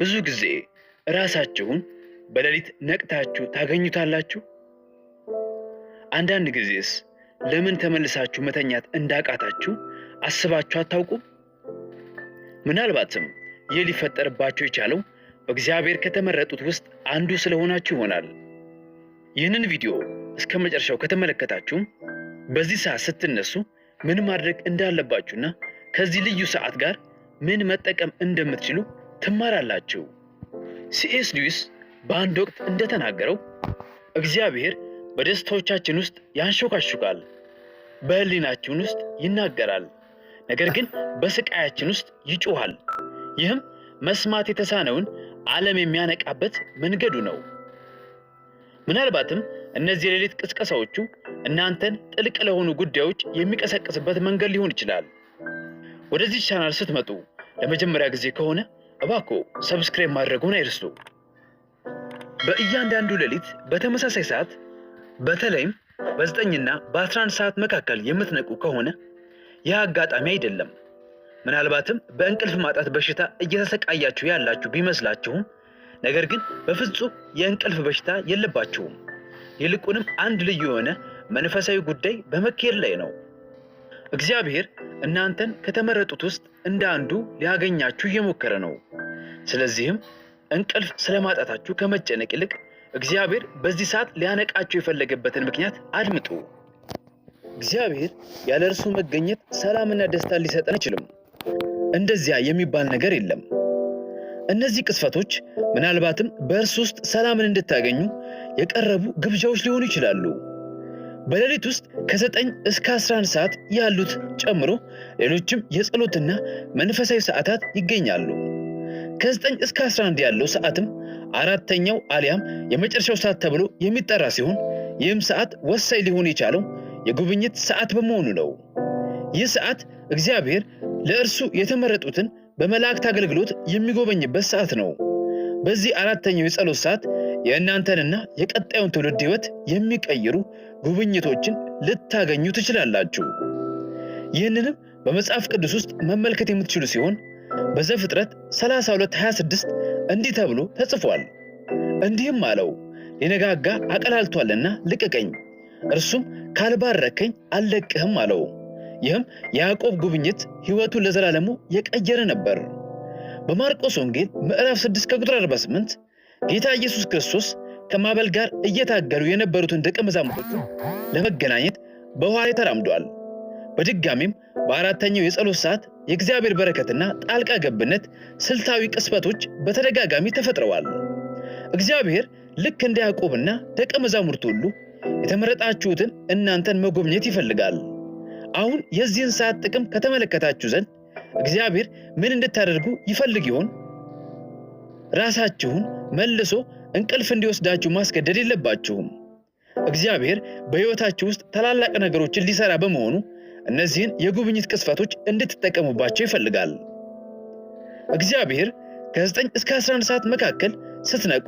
ብዙ ጊዜ ራሳችሁን በሌሊት ነቅታችሁ ታገኙታላችሁ? አንዳንድ ጊዜስ ለምን ተመልሳችሁ መተኛት እንዳቃታችሁ አስባችሁ አታውቁም? ምናልባትም ይህ ሊፈጠርባችሁ የቻለው በእግዚአብሔር ከተመረጡት ውስጥ አንዱ ስለሆናችሁ ይሆናል። ይህንን ቪዲዮ እስከ መጨረሻው ከተመለከታችሁም በዚህ ሰዓት ስትነሱ ምን ማድረግ እንዳለባችሁና ከዚህ ልዩ ሰዓት ጋር ምን መጠቀም እንደምትችሉ ትማራላችሁ። ሲኤስ ሉዊስ በአንድ ወቅት እንደተናገረው እግዚአብሔር በደስታዎቻችን ውስጥ ያንሾካሹቃል፣ በህሊናችን ውስጥ ይናገራል፣ ነገር ግን በስቃያችን ውስጥ ይጮኻል። ይህም መስማት የተሳነውን ዓለም የሚያነቃበት መንገዱ ነው። ምናልባትም እነዚህ የሌሊት ቅስቀሳዎቹ እናንተን ጥልቅ ለሆኑ ጉዳዮች የሚቀሰቅስበት መንገድ ሊሆን ይችላል። ወደዚህ ቻናል ስትመጡ ለመጀመሪያ ጊዜ ከሆነ እባኮ ሰብስክራይብ ማድረጉን አይርሱ። በእያንዳንዱ ሌሊት በተመሳሳይ ሰዓት በተለይም በዘጠኝና በ11 ሰዓት መካከል የምትነቁ ከሆነ ይህ አጋጣሚ አይደለም። ምናልባትም በእንቅልፍ ማጣት በሽታ እየተሰቃያችሁ ያላችሁ ቢመስላችሁም ነገር ግን በፍጹም የእንቅልፍ በሽታ የለባችሁም። ይልቁንም አንድ ልዩ የሆነ መንፈሳዊ ጉዳይ በመካሄድ ላይ ነው። እግዚአብሔር እናንተን ከተመረጡት ውስጥ እንደ አንዱ ሊያገኛችሁ እየሞከረ ነው። ስለዚህም እንቅልፍ ስለማጣታችሁ ከመጨነቅ ይልቅ እግዚአብሔር በዚህ ሰዓት ሊያነቃችሁ የፈለገበትን ምክንያት አድምጡ። እግዚአብሔር ያለ እርሱ መገኘት ሰላምና ደስታ ሊሰጠን አይችልም። እንደዚያ የሚባል ነገር የለም። እነዚህ ቅስፈቶች ምናልባትም በእርሱ ውስጥ ሰላምን እንድታገኙ የቀረቡ ግብዣዎች ሊሆኑ ይችላሉ። በሌሊት ውስጥ ከዘጠኝ እስከ 11 ሰዓት ያሉት ጨምሮ ሌሎችም የጸሎትና መንፈሳዊ ሰዓታት ይገኛሉ። ከ9 እስከ 11 ያለው ሰዓትም አራተኛው አሊያም የመጨረሻው ሰዓት ተብሎ የሚጠራ ሲሆን ይህም ሰዓት ወሳኝ ሊሆን የቻለው የጉብኝት ሰዓት በመሆኑ ነው። ይህ ሰዓት እግዚአብሔር ለእርሱ የተመረጡትን በመላእክት አገልግሎት የሚጎበኝበት ሰዓት ነው። በዚህ አራተኛው የጸሎት ሰዓት የእናንተንና የቀጣዩን ትውልድ ሕይወት የሚቀይሩ ጉብኝቶችን ልታገኙ ትችላላችሁ። ይህንንም በመጽሐፍ ቅዱስ ውስጥ መመልከት የምትችሉ ሲሆን በዘፍጥረት 32:26 እንዲህ ተብሎ ተጽፏል። እንዲህም አለው ሊነጋጋ አቀላልቷልና ልቀቀኝ፣ እርሱም ካልባረከኝ አልለቅህም አለው። ይህም የያዕቆብ ጉብኝት ሕይወቱን ለዘላለሙ የቀየረ ነበር። በማርቆስ ወንጌል ምዕራፍ 6 ከቁጥር 48 ጌታ ኢየሱስ ክርስቶስ ከማበል ጋር እየታገሉ የነበሩትን ደቀ መዛሙርቱ ለመገናኘት በውኃ ላይ ተራምዷል። በድጋሚም በአራተኛው የጸሎት ሰዓት የእግዚአብሔር በረከትና ጣልቃ ገብነት ስልታዊ ቅስበቶች በተደጋጋሚ ተፈጥረዋል። እግዚአብሔር ልክ እንደ ያዕቆብና ደቀ መዛሙርት ሁሉ የተመረጣችሁትን እናንተን መጎብኘት ይፈልጋል። አሁን የዚህን ሰዓት ጥቅም ከተመለከታችሁ ዘንድ እግዚአብሔር ምን እንድታደርጉ ይፈልግ ይሆን? ራሳችሁን መልሶ እንቅልፍ እንዲወስዳችሁ ማስገደድ የለባችሁም። እግዚአብሔር በሕይወታችሁ ውስጥ ታላላቅ ነገሮችን ሊሰራ በመሆኑ እነዚህን የጉብኝት ቅስፈቶች እንድትጠቀሙባቸው ይፈልጋል። እግዚአብሔር ከ9 እስከ 11 ሰዓት መካከል ስትነቁ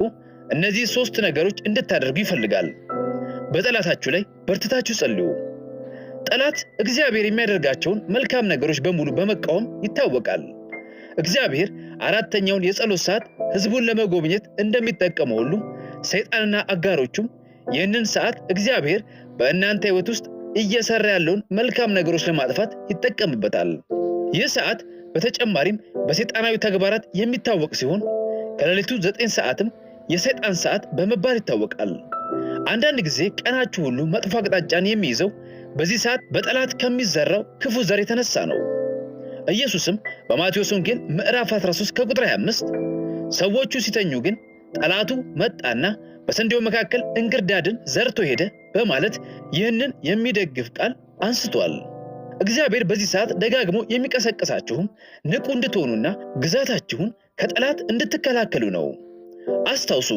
እነዚህ ሦስት ነገሮች እንድታደርጉ ይፈልጋል። በጠላታችሁ ላይ በርትታችሁ ጸልዩ። ጠላት እግዚአብሔር የሚያደርጋቸውን መልካም ነገሮች በሙሉ በመቃወም ይታወቃል። እግዚአብሔር አራተኛውን የጸሎት ሰዓት ሕዝቡን ለመጎብኘት እንደሚጠቀመው ሁሉ ሰይጣንና አጋሮቹም ይህንን ሰዓት እግዚአብሔር በእናንተ ሕይወት ውስጥ እየሰራ ያለውን መልካም ነገሮች ለማጥፋት ይጠቀምበታል። ይህ ሰዓት በተጨማሪም በሰይጣናዊ ተግባራት የሚታወቅ ሲሆን ከሌሊቱ ዘጠኝ ሰዓትም የሰይጣን ሰዓት በመባል ይታወቃል። አንዳንድ ጊዜ ቀናችሁ ሁሉ መጥፎ አቅጣጫን የሚይዘው በዚህ ሰዓት በጠላት ከሚዘራው ክፉ ዘር የተነሳ ነው። ኢየሱስም በማቴዎስ ወንጌል ምዕራፍ 13 ከቁጥር 25 ሰዎቹ ሲተኙ ግን ጠላቱ መጣና በስንዴው መካከል እንክርዳድን ዘርቶ ሄደ በማለት ይህንን የሚደግፍ ቃል አንስቷል። እግዚአብሔር በዚህ ሰዓት ደጋግሞ የሚቀሰቅሳችሁም ንቁ እንድትሆኑና ግዛታችሁን ከጠላት እንድትከላከሉ ነው። አስታውሱ፣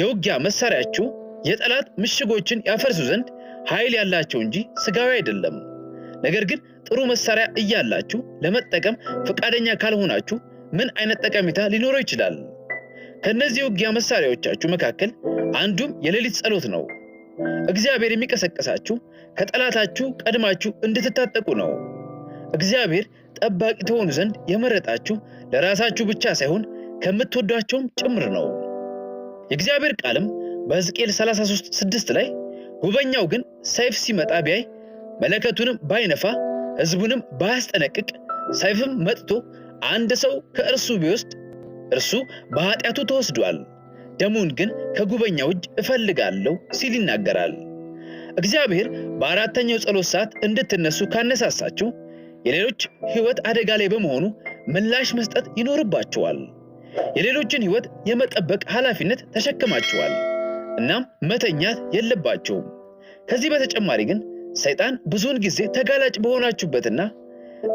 የውጊያ መሳሪያችሁ የጠላት ምሽጎችን ያፈርሱ ዘንድ ኃይል ያላቸው እንጂ ስጋዊ አይደለም። ነገር ግን ጥሩ መሳሪያ እያላችሁ ለመጠቀም ፈቃደኛ ካልሆናችሁ ምን አይነት ጠቀሜታ ሊኖረው ይችላል? ከእነዚህ የውጊያ መሳሪያዎቻችሁ መካከል አንዱም የሌሊት ጸሎት ነው። እግዚአብሔር የሚቀሰቀሳችሁ ከጠላታችሁ ቀድማችሁ እንድትታጠቁ ነው። እግዚአብሔር ጠባቂ ትሆኑ ዘንድ የመረጣችሁ ለራሳችሁ ብቻ ሳይሆን ከምትወዷቸውም ጭምር ነው። የእግዚአብሔር ቃልም በሕዝቅኤል 33 6 ላይ ጉበኛው ግን ሰይፍ ሲመጣ ቢያይ መለከቱንም ባይነፋ ሕዝቡንም ባያስጠነቅቅ ሰይፍም መጥቶ አንድ ሰው ከእርሱ ቢወስድ እርሱ በኃጢአቱ ተወስዷል። ደሙን ግን ከጉበኛው እጅ እፈልጋለሁ ሲል ይናገራል። እግዚአብሔር በአራተኛው ጸሎት ሰዓት እንድትነሱ ካነሳሳችሁ የሌሎች ሕይወት አደጋ ላይ በመሆኑ ምላሽ መስጠት ይኖርባችኋል። የሌሎችን ሕይወት የመጠበቅ ኃላፊነት ተሸክማችኋል። እናም መተኛት የለባችሁም። ከዚህ በተጨማሪ ግን ሰይጣን ብዙውን ጊዜ ተጋላጭ በሆናችሁበትና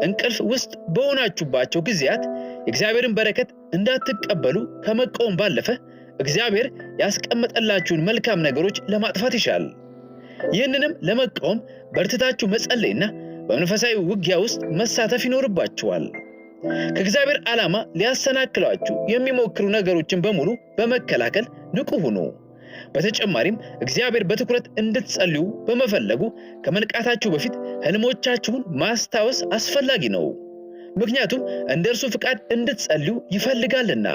እንቅልፍ ውስጥ በሆናችሁባቸው ጊዜያት የእግዚአብሔርን በረከት እንዳትቀበሉ ከመቃወም ባለፈ እግዚአብሔር ያስቀመጠላችሁን መልካም ነገሮች ለማጥፋት ይሻል። ይህንንም ለመቃወም በርትታችሁ መጸለይና በመንፈሳዊ ውጊያ ውስጥ መሳተፍ ይኖርባችኋል። ከእግዚአብሔር ዓላማ ሊያሰናክሏችሁ የሚሞክሩ ነገሮችን በሙሉ በመከላከል ንቁ ሁኑ። በተጨማሪም እግዚአብሔር በትኩረት እንድትጸልዩ በመፈለጉ ከመንቃታችሁ በፊት ህልሞቻችሁን ማስታወስ አስፈላጊ ነው። ምክንያቱም እንደ እርሱ ፍቃድ እንድትጸልዩ ይፈልጋልና።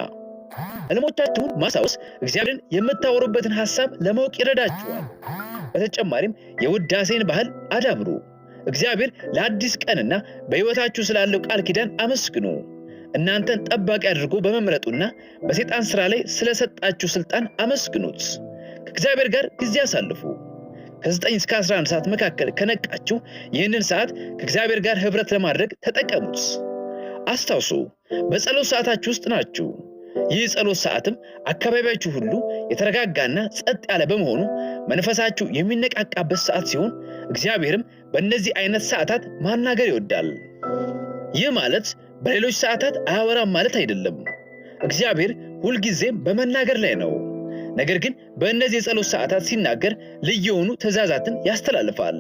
ህልሞቻችሁን ማስታወስ እግዚአብሔርን የምታወሩበትን ሐሳብ ለማወቅ ይረዳችኋል። በተጨማሪም የውዳሴን ባህል አዳብሩ። እግዚአብሔር ለአዲስ ቀንና በሕይወታችሁ ስላለው ቃል ኪዳን አመስግኑ። እናንተን ጠባቂ አድርጎ በመምረጡና በሰይጣን ሥራ ላይ ስለሰጣችሁ ሥልጣን አመስግኑት። ከእግዚአብሔር ጋር ጊዜ አሳልፉ። ከ9 እስከ 11 ሰዓት መካከል ከነቃችሁ ይህንን ሰዓት ከእግዚአብሔር ጋር ኅብረት ለማድረግ ተጠቀሙት። አስታውሱ፣ በጸሎት ሰዓታችሁ ውስጥ ናችሁ። ይህ ጸሎት ሰዓትም አካባቢያችሁ ሁሉ የተረጋጋና ጸጥ ያለ በመሆኑ መንፈሳችሁ የሚነቃቃበት ሰዓት ሲሆን እግዚአብሔርም በእነዚህ አይነት ሰዓታት ማናገር ይወዳል። ይህ ማለት በሌሎች ሰዓታት አያወራም ማለት አይደለም። እግዚአብሔር ሁልጊዜም በመናገር ላይ ነው። ነገር ግን በእነዚህ የጸሎት ሰዓታት ሲናገር ልዩ የሆኑ ትእዛዛትን ያስተላልፋል።